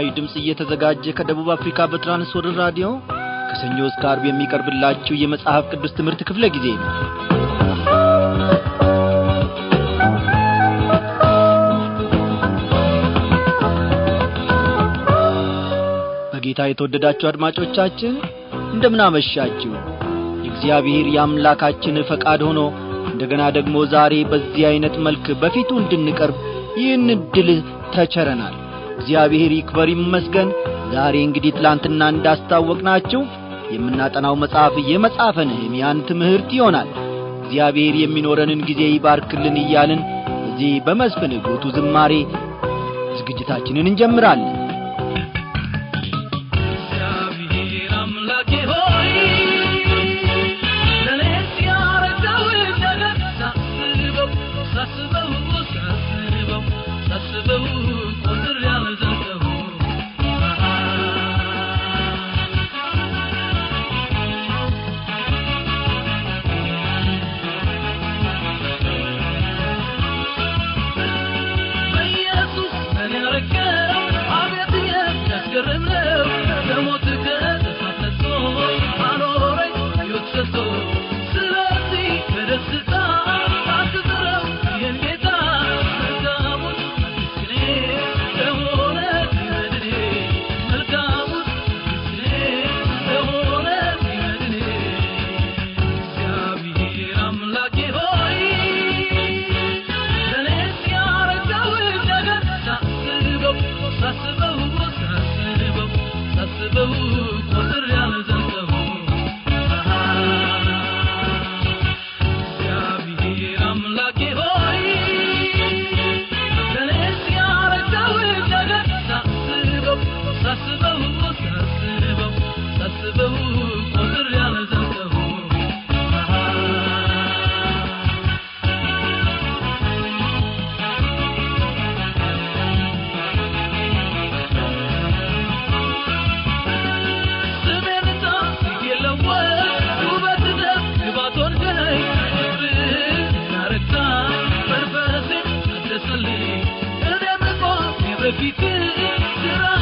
ለዘላለማዊ ድምፅ እየተዘጋጀ ከደቡብ አፍሪካ በትራንስወርልድ ራዲዮ ከሰኞ እስከ አርብ የሚቀርብላችሁ የመጽሐፍ ቅዱስ ትምህርት ክፍለ ጊዜ ነው። በጌታ የተወደዳችሁ አድማጮቻችን እንደምናመሻችሁ የእግዚአብሔር የአምላካችን ፈቃድ ሆኖ እንደገና ደግሞ ዛሬ በዚህ አይነት መልክ በፊቱ እንድንቀርብ ይህን ድል ተቸረናል እግዚአብሔር ይክበር ይመስገን ዛሬ እንግዲህ ትላንትና እንዳስታወቅናችሁ የምናጠናው መጽሐፍ የመጽሐፈ ነህምያን ትምህርት ይሆናል እግዚአብሔር የሚኖረንን ጊዜ ይባርክልን እያልን በዚህ በመስፍን ጉቱ ዝማሬ ዝግጅታችንን እንጀምራለን should I?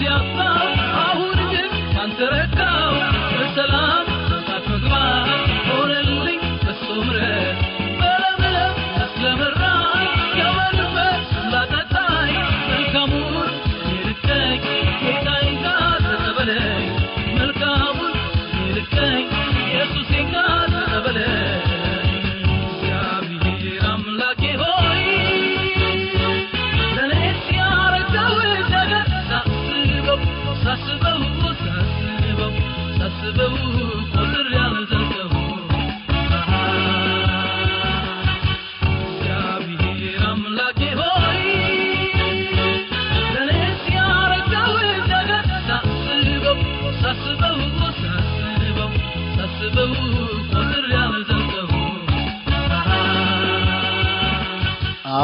Yeah.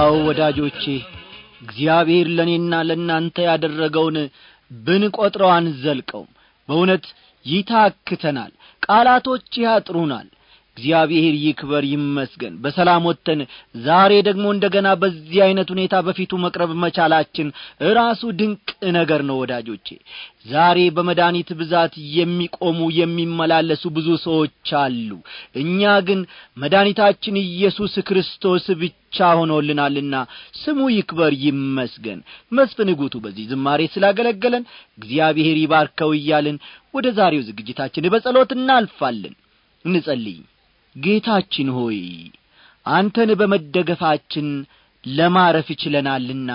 አው ወዳጆቼ እግዚአብሔር ለእኔና ለእናንተ ያደረገውን ብንቈጥረው አንዘልቀውም በእውነት ይታክተናል ቃላቶች ያጥሩናል እግዚአብሔር ይክበር ይመስገን በሰላም ወጥተን ዛሬ ደግሞ እንደ ገና በዚህ አይነት ሁኔታ በፊቱ መቅረብ መቻላችን ራሱ ድንቅ ነገር ነው ወዳጆቼ ዛሬ በመድኃኒት ብዛት የሚቆሙ የሚመላለሱ ብዙ ሰዎች አሉ እኛ ግን መድኃኒታችን ኢየሱስ ክርስቶስ ብቻ ሆኖልናልና ስሙ ይክበር ይመስገን መስፍን ጉቱ በዚህ ዝማሬ ስላገለገለን እግዚአብሔር ይባርከው እያልን ወደ ዛሬው ዝግጅታችን በጸሎት እናልፋለን እንጸልይ ጌታችን ሆይ አንተን በመደገፋችን ለማረፍ ችለናልና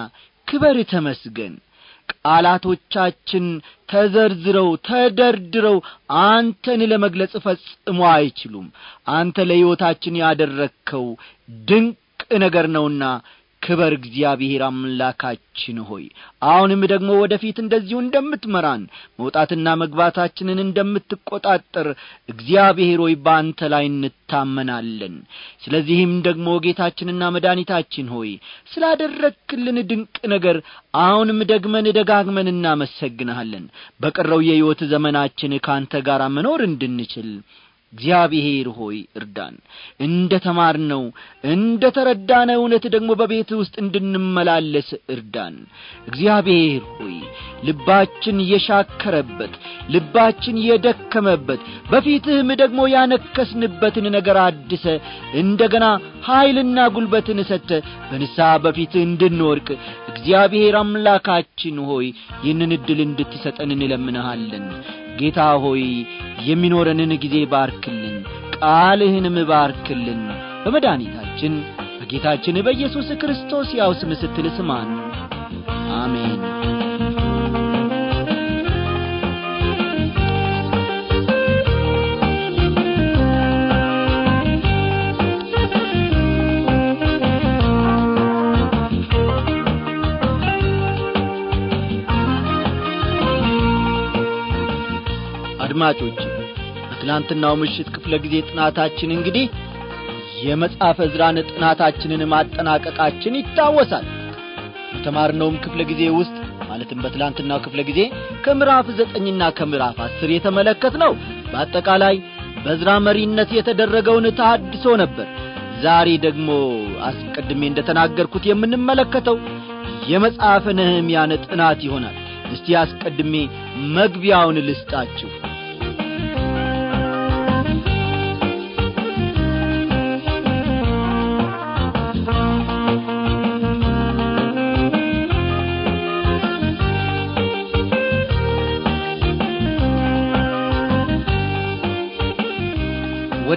ክበር ተመስገን ቃላቶቻችን ተዘርዝረው ተደርድረው አንተን ለመግለጽ ፈጽሞ አይችሉም አንተ ለሕይወታችን ያደረግከው ድንቅ ነገር ነውና ክበር እግዚአብሔር አምላካችን ሆይ አሁንም ደግሞ ወደፊት እንደዚሁ እንደምትመራን መውጣትና መግባታችንን እንደምትቈጣጠር እግዚአብሔር ሆይ በአንተ ላይ እንታመናለን ስለዚህም ደግሞ ጌታችንና መድኒታችን ሆይ ስላደረግክልን ድንቅ ነገር አሁንም ደግመን ደጋግመን እናመሰግንሃለን በቀረው የሕይወት ዘመናችን ከአንተ ጋር መኖር እንድንችል እግዚአብሔር ሆይ እርዳን እንደ ተማርነው እንደ ተረዳነ እውነት ደግሞ በቤት ውስጥ እንድንመላለስ እርዳን እግዚአብሔር ሆይ ልባችን የሻከረበት ልባችን የደከመበት በፊትህም ደግሞ ያነከስንበትን ነገር አድሰ እንደገና ኀይልና ጉልበትን እሰተ በንሳ በፊትህ እንድንወርቅ እግዚአብሔር አምላካችን ሆይ ይህንን ዕድል እንድትሰጠን እንለምንሃለን ጌታ ሆይ የሚኖረንን ጊዜ ባርክልን ቃልህንም ባርክልን በመድኃኒታችን በጌታችን በኢየሱስ ክርስቶስ ያው ስም ስትል ስማን አሜን አድማጮች በትላንትናው ምሽት ክፍለ ጊዜ ጥናታችን እንግዲህ የመጽሐፈ ዕዝራን ጥናታችንን ማጠናቀቃችን ይታወሳል በተማርነውም ክፍለ ጊዜ ውስጥ ማለትም በትላንትናው ክፍለ ጊዜ ከምዕራፍ ዘጠኝና ከምዕራፍ አስር የተመለከት ነው በአጠቃላይ በዝራ መሪነት የተደረገውን ተሃድሶ ነበር ዛሬ ደግሞ አስቀድሜ እንደተናገርኩት የምንመለከተው የመጽሐፈ ነህምያን ጥናት ይሆናል እስቲ አስቀድሜ መግቢያውን ልስጣችሁ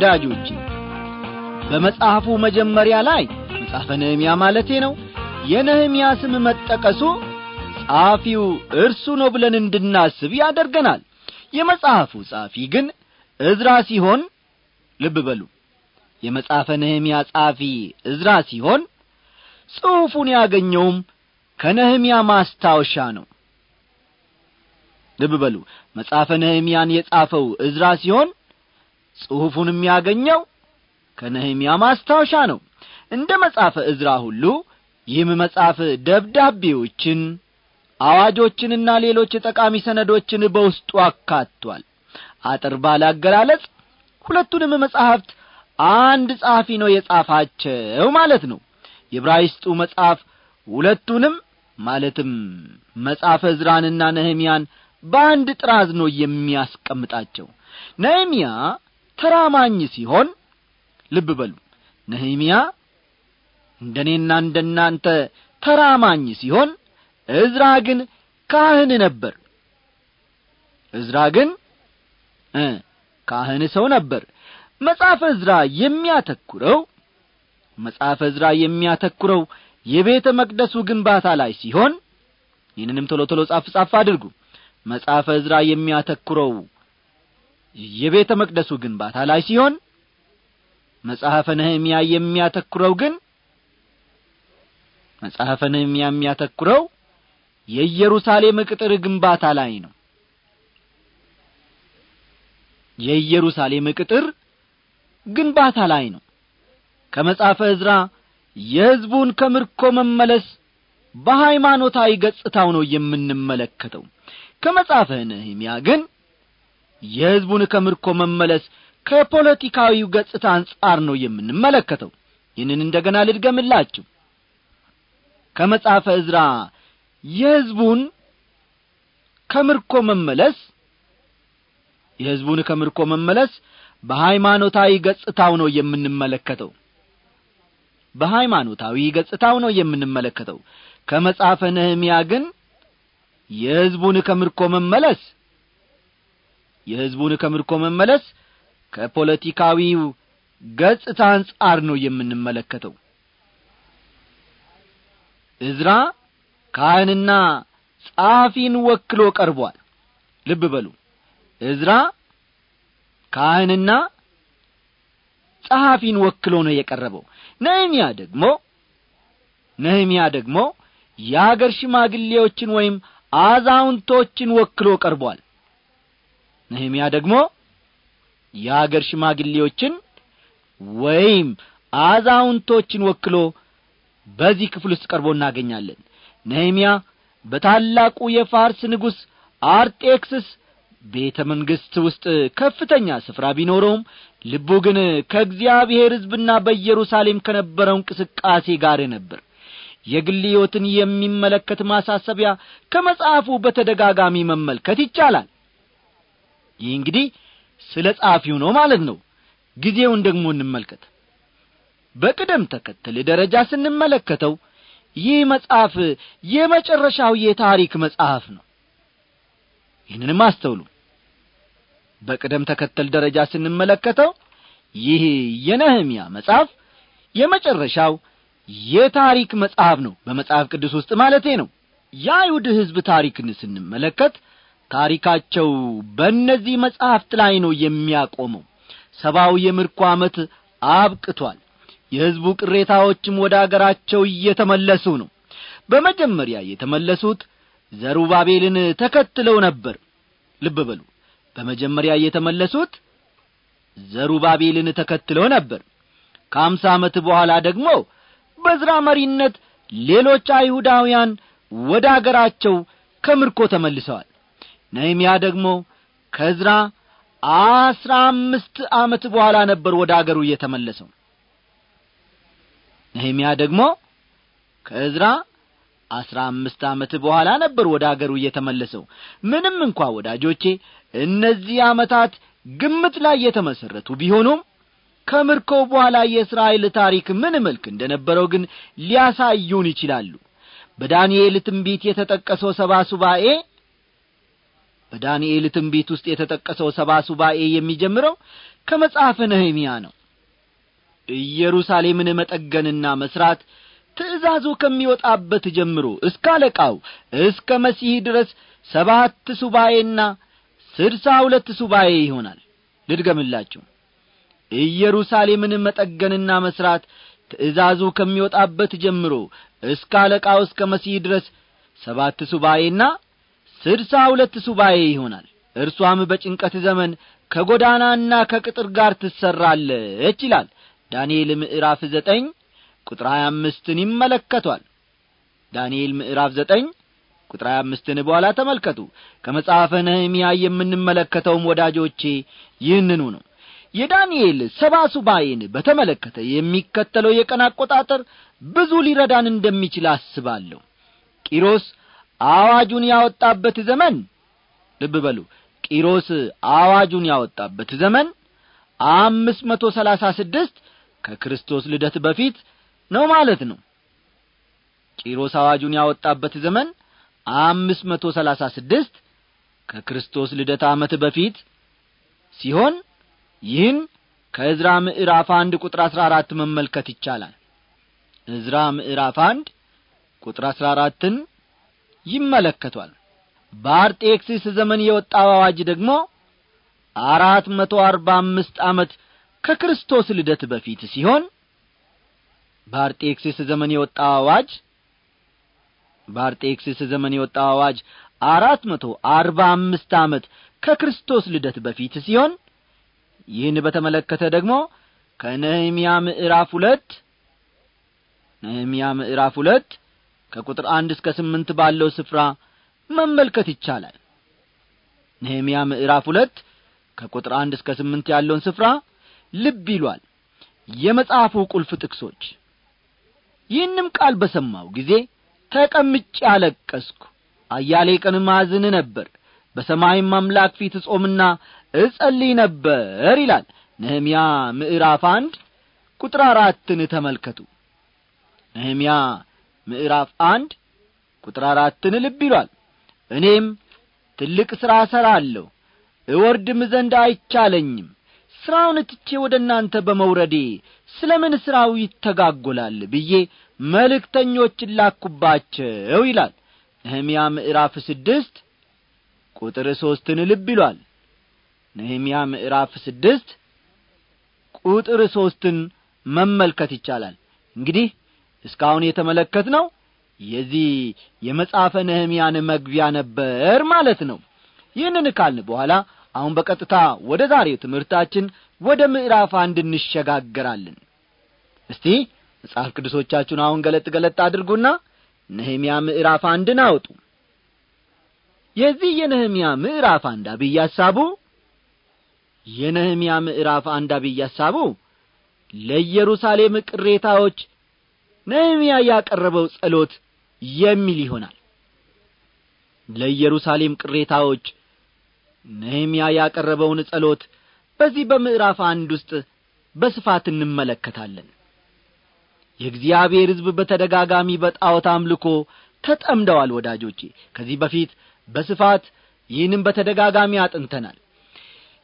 ወዳጆቼ በመጽሐፉ መጀመሪያ ላይ መጽሐፈ ነህምያ ማለቴ ነው የነህምያ ስም መጠቀሱ ጻፊው እርሱ ነው ብለን እንድናስብ ያደርገናል የመጽሐፉ ጻፊ ግን እዝራ ሲሆን ልብ በሉ የመጽሐፈ ነህምያ ጻፊ እዝራ ሲሆን ጽሑፉን ያገኘውም ከነህምያ ማስታወሻ ነው ልብ በሉ መጽሐፈ ነህምያን የጻፈው እዝራ ሲሆን ጽሑፉንም ያገኘው ከነህምያ ማስታወሻ ነው እንደ መጻፈ እዝራ ሁሉ ይህም መጽሐፍ ደብዳቤዎችን አዋጆችንና ሌሎች ጠቃሚ ሰነዶችን በውስጡ አካቷል አጥር ባለ አገላለጽ ሁለቱንም መጻሕፍት አንድ ጸሐፊ ነው የጻፋቸው ማለት ነው የብራይስጡ መጽሐፍ ሁለቱንም ማለትም መጻፈ እዝራንና ነህምያን በአንድ ጥራዝ ነው የሚያስቀምጣቸው ነህምያ ተራማኝ ሲሆን ልብ በሉ ነህምያ እንደ እኔና እንደ እናንተ ተራማኝ ሲሆን እዝራ ግን ካህን ነበር እዝራ ግን ካህን ሰው ነበር መጽሐፈ እዝራ የሚያተኩረው መጽሐፈ እዝራ የሚያተኩረው የቤተ መቅደሱ ግንባታ ላይ ሲሆን ይህንንም ቶሎ ቶሎ ጻፍ ጻፍ አድርጉ መጽሐፈ እዝራ የሚያተኩረው የቤተ መቅደሱ ግንባታ ላይ ሲሆን መጽሐፈ ነህምያ የሚያተኩረው ግን መጽሐፈ ነህምያ የሚያተኩረው የኢየሩሳሌም ቅጥር ግንባታ ላይ ነው የኢየሩሳሌም ቅጥር ግንባታ ላይ ነው ከመጽሐፈ ዕዝራ የሕዝቡን ከምርኮ መመለስ በሃይማኖታዊ ገጽታው ነው የምንመለከተው ከመጽሐፈ ነህምያ ግን የሕዝቡን ከምርኮ መመለስ ከፖለቲካዊው ገጽታ አንጻር ነው የምንመለከተው ይህንን እንደገና ልድገምላችሁ ከመጽሐፈ ዕዝራ የሕዝቡን ከምርኮ መመለስ የሕዝቡን ከምርኮ መመለስ በሃይማኖታዊ ገጽታው ነው የምንመለከተው በሃይማኖታዊ ገጽታው ነው የምንመለከተው ከመጽሐፈ ነህምያ ግን የሕዝቡን ከምርኮ መመለስ የሕዝቡን ከምርኮ መመለስ ከፖለቲካዊው ገጽታ አንጻር ነው የምንመለከተው እዝራ ካህንና ጻፊን ወክሎ ቀርቧል ልብ በሉ እዝራ ካህንና ጸሐፊን ወክሎ ነው የቀረበው ነህምያ ደግሞ ነህምያ ደግሞ የአገር ሽማግሌዎችን ወይም አዛውንቶችን ወክሎ ቀርቧል ነህምያ ደግሞ የአገር ሽማግሌዎችን ወይም አዛውንቶችን ወክሎ በዚህ ክፍል ውስጥ ቀርቦ እናገኛለን ነህምያ በታላቁ የፋርስ ንጉሥ አርጤክስስ ቤተ መንግሥት ውስጥ ከፍተኛ ስፍራ ቢኖረውም ልቡ ግን ከእግዚአብሔር ሕዝብና በኢየሩሳሌም ከነበረው እንቅስቃሴ ጋር ነበር የግልዮትን የሚመለከት ማሳሰቢያ ከመጽሐፉ በተደጋጋሚ መመልከት ይቻላል ይህ እንግዲህ ስለ ጻፊው ነው ማለት ነው ጊዜውን ደግሞ እንመልከት በቅደም ተከተል ደረጃ ስንመለከተው ይህ መጽሐፍ የመጨረሻው የታሪክ መጽሐፍ ነው ይህንንም አስተውሉ በቅደም ተከተል ደረጃ ስንመለከተው ይህ የነህምያ መጽሐፍ የመጨረሻው የታሪክ መጽሐፍ ነው በመጽሐፍ ቅዱስ ውስጥ ማለቴ ነው የአይሁድ ሕዝብ ታሪክን ስንመለከት ታሪካቸው በእነዚህ መጻሕፍት ላይ ነው የሚያቆመው ሰብአዊ የምርኮ ዓመት አብቅቷል የሕዝቡ ቅሬታዎችም ወደ አገራቸው እየተመለሱ ነው በመጀመሪያ የተመለሱት ዘሩባቤልን ተከትለው ነበር ልብ በሉ በመጀመሪያ የተመለሱት ዘሩባቤልን ተከትለው ነበር ከአምሳ ዓመት በኋላ ደግሞ በዝራ መሪነት ሌሎች አይሁዳውያን ወደ አገራቸው ከምርኮ ተመልሰዋል ነህምያ ደግሞ ከዝራ አስራ አምስት ዓመት በኋላ ነበር ወደ አገሩ እየተመለሰው ነህምያ ደግሞ ከዕዝራ አስራ አምስት ዓመት በኋላ ነበር ወደ አገሩ እየተመለሰው ምንም እንኳ ወዳጆቼ እነዚህ ዓመታት ግምት ላይ የተመሠረቱ ቢሆኑም ከምርኮው በኋላ የእስራኤል ታሪክ ምን መልክ እንደነበረው ግን ሊያሳዩን ይችላሉ በዳንኤል ትንቢት የተጠቀሰው ሰባ ሱባኤ በዳንኤል ትንቢት ውስጥ የተጠቀሰው ሰባ ሱባኤ የሚጀምረው ከመጽሐፍ ነህምያ ነው ኢየሩሳሌምን መጠገንና መሥራት ትእዛዙ ከሚወጣበት ጀምሮ እስከ አለቃው እስከ መሲህ ድረስ ሰባት ሱባኤና ስድሳ ሁለት ሱባኤ ይሆናል ልድገምላችሁ ኢየሩሳሌምን መጠገንና መሥራት ትእዛዙ ከሚወጣበት ጀምሮ እስከ አለቃው እስከ መሲህ ድረስ ሰባት ሱባኤና ስድሳ ሁለት ሱባኤ ይሆናል እርሷም በጭንቀት ዘመን ከጎዳናና ከቅጥር ጋር ትሠራለች ይላል ዳንኤል ምዕራፍ ዘጠኝ ቁጥር ሀያ አምስትን ይመለከቷል ዳንኤል ምዕራፍ ዘጠኝ ቁጥር ሀያ አምስትን በኋላ ተመልከቱ ከመጽሐፈ ነህምያ የምንመለከተውም ወዳጆቼ ይህንኑ ነው የዳንኤል ሰባ ሱባኤን በተመለከተ የሚከተለው የቀን አቆጣጠር ብዙ ሊረዳን እንደሚችል አስባለሁ ቂሮስ አዋጁን ያወጣበት ዘመን ልብ በሉ ቂሮስ አዋጁን ያወጣበት ዘመን አምስት መቶ ሰላሳ ስድስት ከክርስቶስ ልደት በፊት ነው ማለት ነው ቂሮስ አዋጁን ያወጣበት ዘመን አምስት መቶ ሰላሳ ስድስት ከክርስቶስ ልደት ዓመት በፊት ሲሆን ይህን ከዕዝራ ምዕራፍ አንድ ቁጥር አሥራ አራት መመልከት ይቻላል ዕዝራ ምዕራፍ አንድ ቁጥር አሥራ አራትን ይመለከቷል በአርጤክስስ ዘመን የወጣው አዋጅ ደግሞ አራት መቶ አርባ አምስት ዓመት ከክርስቶስ ልደት በፊት ሲሆን በአርጤክስስ ዘመን የወጣው አዋጅ በአርጤክስስ ዘመን የወጣው አዋጅ አራት መቶ አርባ አምስት ዓመት ከክርስቶስ ልደት በፊት ሲሆን ይህን በተመለከተ ደግሞ ከነህምያ ምዕራፍ ሁለት ነህምያ ምዕራፍ ሁለት ከቁጥር አንድ እስከ ስምንት ባለው ስፍራ መመልከት ይቻላል ነህምያ ምዕራፍ ሁለት ከቁጥር አንድ እስከ ስምንት ያለውን ስፍራ ልብ ይሏል የመጽሐፉ ቁልፍ ጥቅሶች ይህንም ቃል በሰማው ጊዜ ተቀምጬ አለቀስኩ አያሌ ቀን ማዝን ነበር በሰማይም አምላክ ፊት እጾምና እጸልይ ነበር ይላል ነህምያ ምዕራፍ አንድ ቁጥር አራትን ተመልከቱ ነህምያ ምዕራፍ አንድ ቁጥር አራትን ልብ ይሏል እኔም ትልቅ ሥራ እሠራለሁ እወርድም ዘንድ አይቻለኝም ሥራውን ትቼ ወደ እናንተ በመውረዴ ስለ ምን ሥራው ይተጋጐላል ብዬ መልእክተኞችን ላኩባቸው ይላል ነህምያ ምዕራፍ ስድስት ቁጥር ሦስትን ልብ ይሏል ነህምያ ምዕራፍ ስድስት ቁጥር ሦስትን መመልከት ይቻላል እንግዲህ እስካሁን የተመለከት ነው የዚህ የመጽሐፈ ነህምያን መግቢያ ነበር ማለት ነው ይህንን ካልን በኋላ አሁን በቀጥታ ወደ ዛሬው ትምህርታችን ወደ ምዕራፍ አንድ እንሸጋገራለን እስቲ መጽሐፍ ቅዱሶቻችሁን አሁን ገለጥ ገለጥ አድርጉና ነህምያ ምዕራፍ አንድን አውጡ የዚህ የነህምያ ምዕራፍ አንድ አብይ ሐሳቡ የነህምያ ምዕራፍ አንድ አብይ ሐሳቡ ለኢየሩሳሌም ቅሬታዎች ነህምያ ያቀረበው ጸሎት የሚል ይሆናል ለኢየሩሳሌም ቅሬታዎች ነህምያ ያቀረበውን ጸሎት በዚህ በምዕራፍ አንድ ውስጥ በስፋት እንመለከታለን የእግዚአብሔር ሕዝብ በተደጋጋሚ በጣዖት አምልኮ ተጠምደዋል ወዳጆቼ ከዚህ በፊት በስፋት ይህንም በተደጋጋሚ አጥንተናል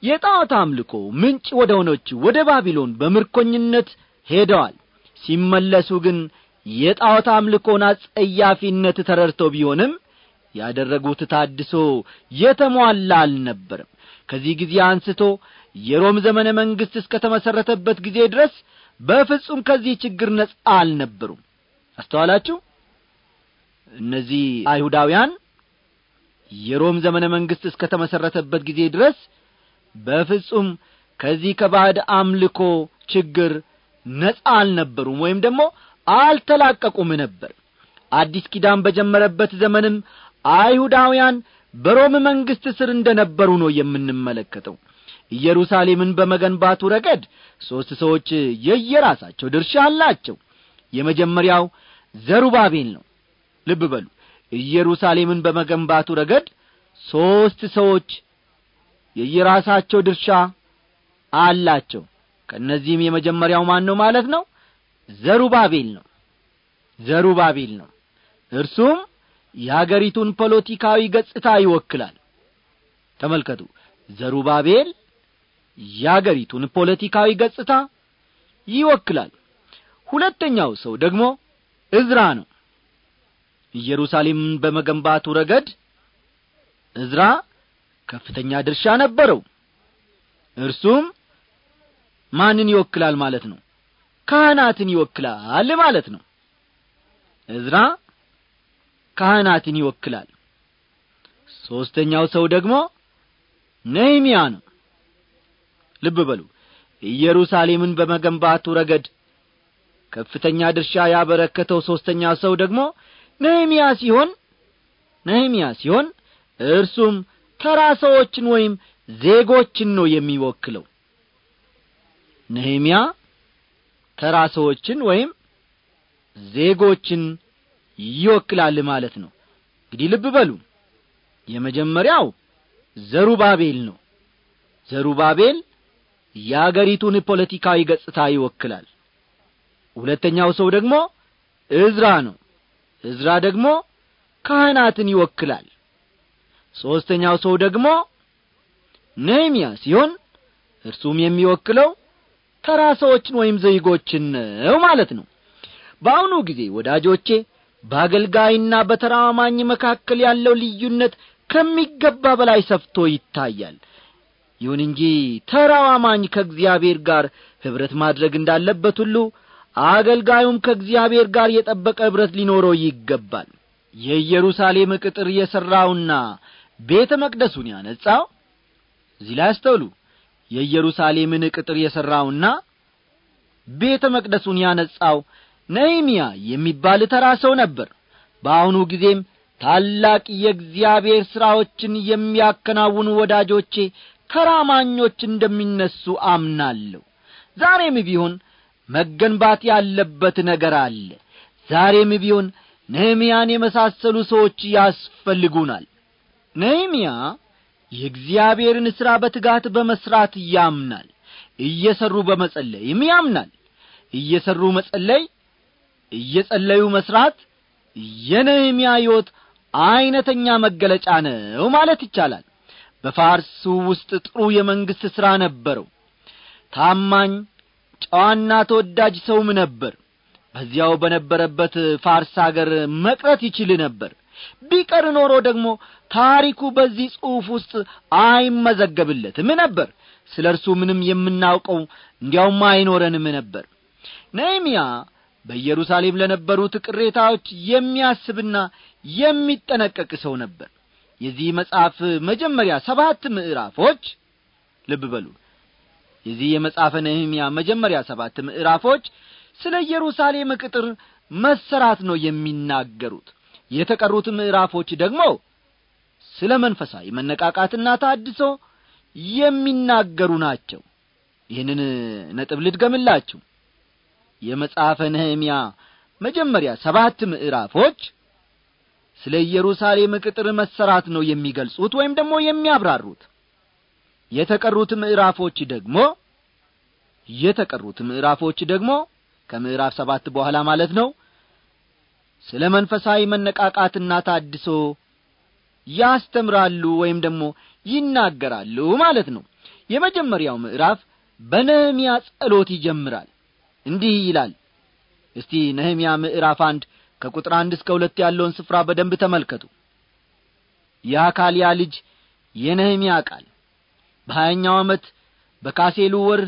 የጣዖት አምልኮ ምንጭ ወደ ሆነች ወደ ባቢሎን በምርኮኝነት ሄደዋል ሲመለሱ ግን የጣዖት አምልኮና አጸያፊነት ተረድተው ቢሆንም ያደረጉት ታድሶ የተሟላ አልነበርም ከዚህ ጊዜ አንስቶ የሮም ዘመነ መንግሥት እስከ ተመሠረተበት ጊዜ ድረስ በፍጹም ከዚህ ችግር ነጻ አልነበሩም አስተዋላችሁ እነዚህ አይሁዳውያን የሮም ዘመነ መንግሥት እስከ ተመሠረተበት ጊዜ ድረስ በፍጹም ከዚህ ከባዕድ አምልኮ ችግር ነጻ አልነበሩም ወይም ደግሞ አልተላቀቁም ነበር አዲስ ኪዳን በጀመረበት ዘመንም አይሁዳውያን በሮም መንግሥት ስር እንደ ነበሩ ነው የምንመለከተው ኢየሩሳሌምን በመገንባቱ ረገድ ሦስት ሰዎች የየራሳቸው ድርሻ አላቸው የመጀመሪያው ዘሩባቤል ነው ልብ በሉ ኢየሩሳሌምን በመገንባቱ ረገድ ሦስት ሰዎች የየራሳቸው ድርሻ አላቸው ከእነዚህም የመጀመሪያው ማን ነው ማለት ነው ዘሩባቤል ነው ዘሩባቤል ነው እርሱም የአገሪቱን ፖለቲካዊ ገጽታ ይወክላል ተመልከቱ ዘሩባቤል የአገሪቱን ፖለቲካዊ ገጽታ ይወክላል ሁለተኛው ሰው ደግሞ እዝራ ነው ኢየሩሳሌምን በመገንባቱ ረገድ እዝራ ከፍተኛ ድርሻ ነበረው እርሱም ማንን ይወክላል ማለት ነው? ካህናትን ይወክላል ማለት ነው። እዝራ ካህናትን ይወክላል። ሦስተኛው ሰው ደግሞ ነህምያ ነው። ልብ በሉ። ኢየሩሳሌምን በመገንባቱ ረገድ ከፍተኛ ድርሻ ያበረከተው ሦስተኛ ሰው ደግሞ ነህምያ ሲሆን ነህምያ ሲሆን እርሱም ተራ ሰዎችን ወይም ዜጎችን ነው የሚወክለው። ነህምያ ተራ ሰዎችን ወይም ዜጎችን ይወክላል ማለት ነው እንግዲህ ልብ በሉ የመጀመሪያው ዘሩባቤል ነው ዘሩባቤል የአገሪቱን ፖለቲካዊ ገጽታ ይወክላል ሁለተኛው ሰው ደግሞ እዝራ ነው እዝራ ደግሞ ካህናትን ይወክላል ሦስተኛው ሰው ደግሞ ነህምያ ሲሆን እርሱም የሚወክለው ተራ ሰዎችን ወይም ዘይጎችን ነው ማለት ነው በአሁኑ ጊዜ ወዳጆቼ በአገልጋይና በተራማኝ መካከል ያለው ልዩነት ከሚገባ በላይ ሰፍቶ ይታያል ይሁን እንጂ ተራው ከእግዚአብሔር ጋር ኅብረት ማድረግ እንዳለበት ሁሉ አገልጋዩም ከእግዚአብሔር ጋር የጠበቀ ኅብረት ሊኖረው ይገባል የኢየሩሳሌም ቅጥር የሠራውና ቤተ መቅደሱን ያነጻው እዚህ ላይ አስተውሉ የኢየሩሳሌምን ቅጥር የሠራውና ቤተ መቅደሱን ያነጻው ነህምያ የሚባል ተራ ሰው ነበር በአሁኑ ጊዜም ታላቅ የእግዚአብሔር ሥራዎችን የሚያከናውኑ ወዳጆቼ ተራማኞች እንደሚነሱ አምናለሁ ዛሬም ቢሆን መገንባት ያለበት ነገር አለ ዛሬም ቢሆን ነህምያን የመሳሰሉ ሰዎች ያስፈልጉናል ነህምያ የእግዚአብሔርን ሥራ በትጋት በመሥራት ያምናል እየሠሩ በመጸለይም ያምናል እየሠሩ መጸለይ እየጸለዩ መሥራት የነህምያ ሕይወት ዐይነተኛ መገለጫ ነው ማለት ይቻላል በፋርሱ ውስጥ ጥሩ የመንግሥት ሥራ ነበረው ታማኝ ጨዋና ተወዳጅ ሰውም ነበር በዚያው በነበረበት ፋርስ አገር መቅረት ይችል ነበር ቢቀር ኖሮ ደግሞ ታሪኩ በዚህ ጽሑፍ ውስጥ አይመዘገብለትም ነበር ስለ እርሱ ምንም የምናውቀው እንዲያውም አይኖረንም ነበር ነህምያ በኢየሩሳሌም ለነበሩት ቅሬታዎች የሚያስብና የሚጠነቀቅ ሰው ነበር የዚህ መጽሐፍ መጀመሪያ ሰባት ምዕራፎች ልብ በሉ የዚህ የመጽሐፈ ነህምያ መጀመሪያ ሰባት ምዕራፎች ስለ ኢየሩሳሌም ቅጥር መሰራት ነው የሚናገሩት የተቀሩት ምዕራፎች ደግሞ ስለ መንፈሳዊ መነቃቃትና ታድሶ የሚናገሩ ናቸው ይህንን ነጥብ ልድገምላችሁ የመጽሐፈ ነህምያ መጀመሪያ ሰባት ምዕራፎች ስለ ኢየሩሳሌም ቅጥር መሠራት ነው የሚገልጹት ወይም ደግሞ የሚያብራሩት የተቀሩት ምዕራፎች ደግሞ የተቀሩት ምዕራፎች ደግሞ ከምዕራፍ ሰባት በኋላ ማለት ነው ስለ መንፈሳዊ መነቃቃትና ታድሶ ያስተምራሉ ወይም ደግሞ ይናገራሉ ማለት ነው የመጀመሪያው ምዕራፍ በነህምያ ጸሎት ይጀምራል እንዲህ ይላል እስቲ ነህምያ ምዕራፍ አንድ ከቁጥር አንድ እስከ ሁለት ያለውን ስፍራ በደንብ ተመልከቱ የአካልያ ልጅ የነህምያ ቃል በሀያኛው ዓመት በካሴሉ ወር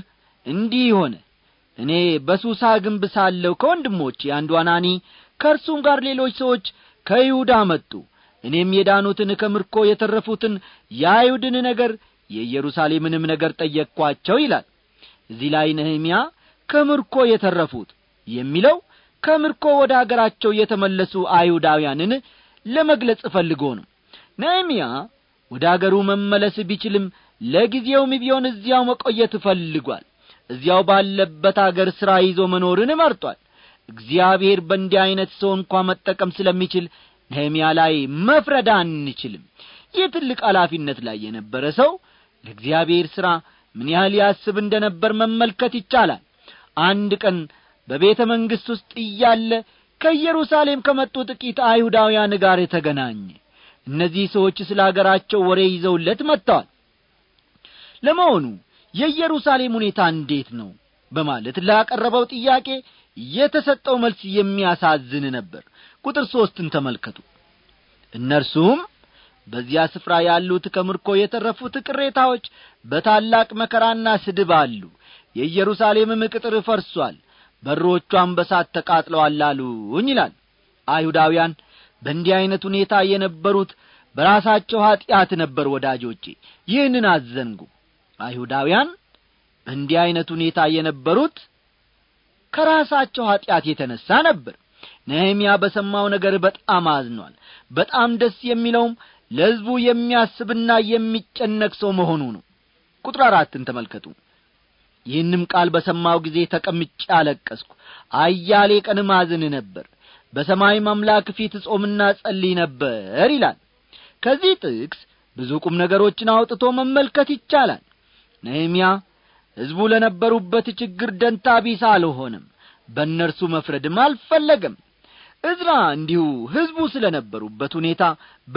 እንዲህ ሆነ እኔ በሱሳ ግንብ ሳለው ከወንድሞቼ አንዱ አናኒ ከእርሱም ጋር ሌሎች ሰዎች ከይሁዳ መጡ እኔም የዳኑትን ከምርኮ የተረፉትን የአይሁድን ነገር የኢየሩሳሌምንም ነገር ጠየቅኳቸው ይላል እዚህ ላይ ነህምያ ከምርኮ የተረፉት የሚለው ከምርኮ ወደ አገራቸው የተመለሱ አይሁዳውያንን ለመግለጽ ፈልጎ ነው ነህምያ ወደ አገሩ መመለስ ቢችልም ለጊዜውም ቢሆን እዚያው መቆየት ፈልጓል እዚያው ባለበት አገር ሥራ ይዞ መኖርን መርጧል እግዚአብሔር በእንዲህ ዐይነት ሰው እንኳ መጠቀም ስለሚችል ነህምያ ላይ መፍረድ አንችልም ይህ ትልቅ ኃላፊነት ላይ የነበረ ሰው ለእግዚአብሔር ሥራ ምን ያህል ያስብ እንደ ነበር መመልከት ይቻላል አንድ ቀን በቤተ መንግሥት ውስጥ እያለ ከኢየሩሳሌም ከመጡ ጥቂት አይሁዳውያን ጋር የተገናኘ እነዚህ ሰዎች ስለ አገራቸው ወሬ ይዘውለት መጥተዋል ለመሆኑ የኢየሩሳሌም ሁኔታ እንዴት ነው በማለት ላቀረበው ጥያቄ የተሰጠው መልስ የሚያሳዝን ነበር ቁጥር ሦስትን ተመልከቱ እነርሱም በዚያ ስፍራ ያሉት ከምርኮ የተረፉት ቅሬታዎች በታላቅ መከራና ስድብ አሉ የኢየሩሳሌምም ቅጥር ፈርሷል በሮቿም በሳት ተቃጥለዋል አሉኝ ይላል አይሁዳውያን በእንዲህ ዐይነት ሁኔታ የነበሩት በራሳቸው ኀጢአት ነበር ወዳጆቼ ይህንን አዘንጉ አይሁዳውያን በእንዲህ ዐይነት ሁኔታ የነበሩት ከራሳቸው ኀጢአት የተነሣ ነበር ነህምያ በሰማው ነገር በጣም አዝኗል በጣም ደስ የሚለውም ለሕዝቡ የሚያስብና የሚጨነቅ ሰው መሆኑ ነው ቁጥር አራትን ተመልከቱ ይህንም ቃል በሰማው ጊዜ ተቀምጬ አለቀስኩ አያሌ ቀን ማዝን ነበር በሰማይም አምላክ ፊት ጾምና ጸልይ ነበር ይላል ከዚህ ጥቅስ ብዙ ቁም ነገሮችን አውጥቶ መመልከት ይቻላል ነህምያ ሕዝቡ ለነበሩበት ችግር ደንታ ቢስ አልሆንም በእነርሱ መፍረድም አልፈለገም እዝራ እንዲሁ ሕዝቡ ስለ ነበሩበት ሁኔታ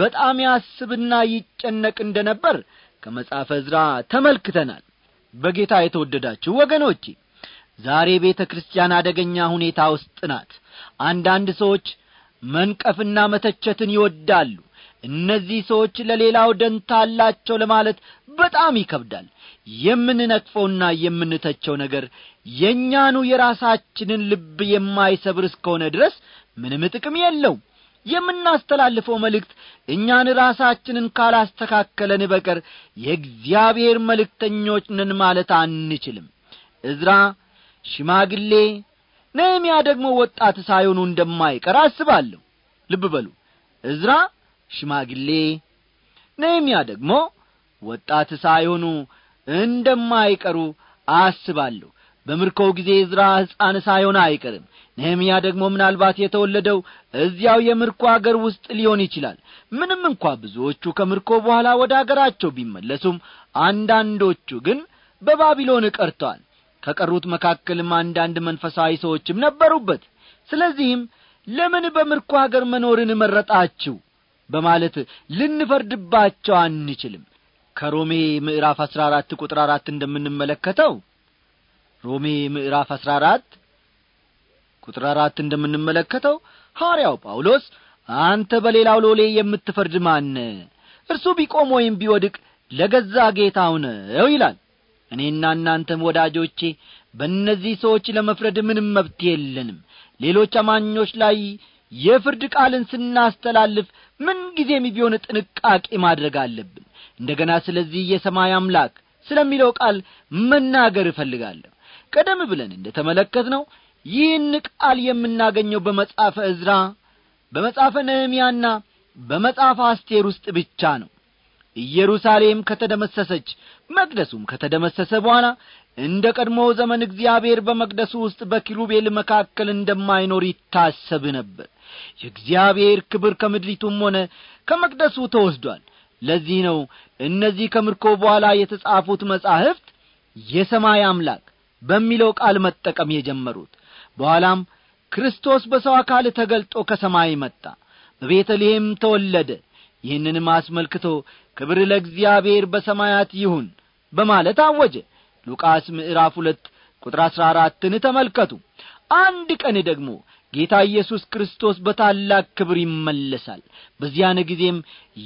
በጣም ያስብና ይጨነቅ እንደ ነበር ከመጽሐፈ ዕዝራ ተመልክተናል በጌታ የተወደዳችሁ ወገኖቼ ዛሬ ቤተ ክርስቲያን አደገኛ ሁኔታ ውስጥ ናት አንዳንድ ሰዎች መንቀፍና መተቸትን ይወዳሉ እነዚህ ሰዎች ለሌላው ደንታ አላቸው ለማለት በጣም ይከብዳል የምንነቅፈውና የምንተቸው ነገር የእኛኑ የራሳችንን ልብ የማይሰብር እስከሆነ ድረስ ምንም ጥቅም የለውም የምናስተላልፈው መልእክት እኛን ራሳችንን ካላስተካከለን በቀር የእግዚአብሔር መልእክተኞች ነን ማለት አንችልም እዝራ ሽማግሌ ነህምያ ደግሞ ወጣት ሳይሆኑ እንደማይቀር አስባለሁ ልብ በሉ እዝራ ሽማግሌ ነህምያ ደግሞ ወጣት ሳይሆኑ እንደማይቀሩ አስባለሁ በምርኮው ጊዜ ዕዝራ ሕፃን ሳይሆን አይቀርም ነህምያ ደግሞ ምናልባት የተወለደው እዚያው የምርኮ አገር ውስጥ ሊሆን ይችላል ምንም እንኳ ብዙዎቹ ከምርኮ በኋላ ወደ አገራቸው ቢመለሱም አንዳንዶቹ ግን በባቢሎን ቀርተዋል ከቀሩት መካከልም አንዳንድ መንፈሳዊ ሰዎችም ነበሩበት ስለዚህም ለምን በምርኮ አገር መኖርን መረጣችው በማለት ልንፈርድባቸው አንችልም ከሮሜ ምዕራፍ አሥራ አራት ቁጥር አራት እንደምንመለከተው ሮሜ ምዕራፍ አሥራ አራት ቁጥር አራት እንደምንመለከተው ሐዋርያው ጳውሎስ አንተ በሌላው ሎሌ የምትፈርድ ማነ እርሱ ቢቆም ወይም ቢወድቅ ለገዛ ጌታው ነው ይላል እኔና እናንተም ወዳጆቼ በእነዚህ ሰዎች ለመፍረድ ምንም መብት የለንም ሌሎች አማኞች ላይ የፍርድ ቃልን ስናስተላልፍ ምንጊዜም ቢሆን ጥንቃቄ ማድረግ አለብን እንደገና ስለዚህ የሰማይ አምላክ ስለሚለው ቃል መናገር እፈልጋለሁ ቀደም ብለን እንደ ነው ይህን ቃል የምናገኘው በመጽሐፈ እዝራ በመጽሐፈ ነህምያና በመጽሐፈ አስቴር ውስጥ ብቻ ነው ኢየሩሳሌም ከተደመሰሰች መቅደሱም ከተደመሰሰ በኋላ እንደ ቀድሞ ዘመን እግዚአብሔር በመቅደሱ ውስጥ በኪሩቤል መካከል እንደማይኖር ይታሰብ ነበር የእግዚአብሔር ክብር ከምድሪቱም ሆነ ከመቅደሱ ተወስዷል ለዚህ ነው እነዚህ ከምርኮ በኋላ የተጻፉት መጻሕፍት የሰማይ አምላክ በሚለው ቃል መጠቀም የጀመሩት በኋላም ክርስቶስ በሰው አካል ተገልጦ ከሰማይ መጣ በቤተልሔም ተወለደ ይህንንም አስመልክቶ ክብር ለእግዚአብሔር በሰማያት ይሁን በማለት አወጀ ሉቃስ ምዕራፍ ሁለት ቁጥር አሥራ አራትን ተመልከቱ አንድ ቀን ደግሞ ጌታ ኢየሱስ ክርስቶስ በታላቅ ክብር ይመለሳል በዚያን ጊዜም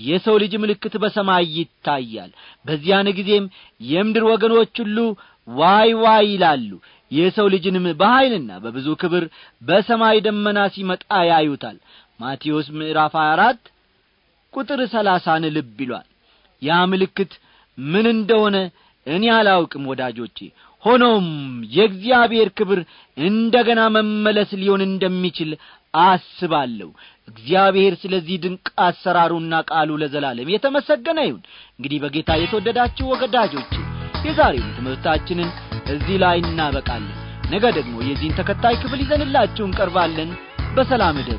የሰው ልጅ ምልክት በሰማይ ይታያል በዚያን ጊዜም የምድር ወገኖች ሁሉ ዋይ ዋይ ይላሉ የሰው ልጅንም በኀይልና በብዙ ክብር በሰማይ ደመና ሲመጣ ያዩታል ማቴዎስ ምዕራፍ 24 ቁጥር ሰላሳን ልብ ይሏል ያ ምልክት ምን እንደሆነ እኔ አላውቅም ወዳጆቼ ሆኖም የእግዚአብሔር ክብር እንደ ገና መመለስ ሊሆን እንደሚችል አስባለሁ እግዚአብሔር ስለዚህ ድንቅ አሰራሩና ቃሉ ለዘላለም የተመሰገነ ይሁን እንግዲህ በጌታ የተወደዳችሁ ወገዳጆች የዛሬውን ትምህርታችንን እዚህ ላይ እናበቃለን ነገ ደግሞ የዚህን ተከታይ ክፍል ይዘንላችሁ እንቀርባለን በሰላም እደሩ